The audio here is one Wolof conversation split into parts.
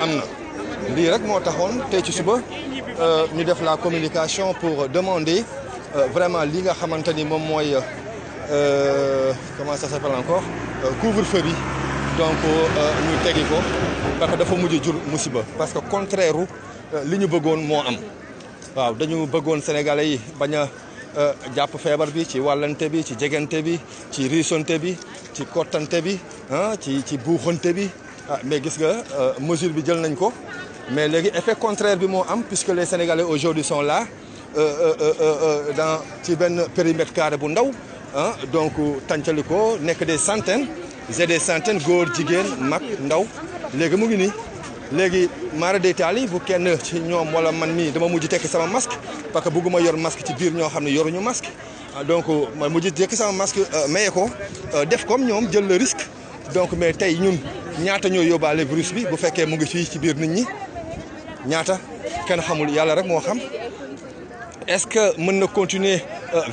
amna li rek mo taxone tey ci suba euh, ñu def la communication pour demander euh, vraiment li nga xamanteni mom moy euh comment ça s'appelle encore euh, couvre-feu bi donc ñu tegi ko parce que dafa mujj jur musiba parce que contraire li ñu bëggoon moo am waaw dañu bëggoon sénégalais yi bañ a jàpp feebar bi ci wàllante bi ci jegante bi ci riisonte bi ci kottante bi ah, ci ci buuxante bi ah, mais gis nga euh, mesure bi mais contraire bi puisque les sénégalais aujourd'hui sont là euh, euh, dans ci périmètre carré hein, donc des centaines des centaines gens gens sont ndaw ngi kenn ci wala man dama mujj masque parce que bëgguma yor masque ci masque ah, donc mujj sama masque le risque donc mais ñaata ñoo yóbbaale virus bi bu fekkee mu ngi fii ci biir nit ñi ñaata kenn xamul yàlla rek moo xam est-ce que mën na continuer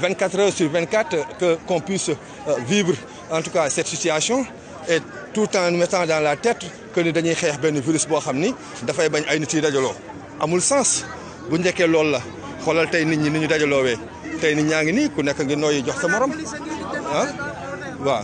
24 euh, heures sur 24 que qu'on puisse euh, vivre en tout cas cette situation et tout en mettant dans la tête que ni dañuy xeex benn virus boo xam ni dafay bañ ay nit yi dajaloo amul sens bu njëkkee loolu la xoolal tey nit ñi ni ñu dajaloowee tey nit ñaa ngi nii ku nekk ngi nooyi jox sa morom ah waaw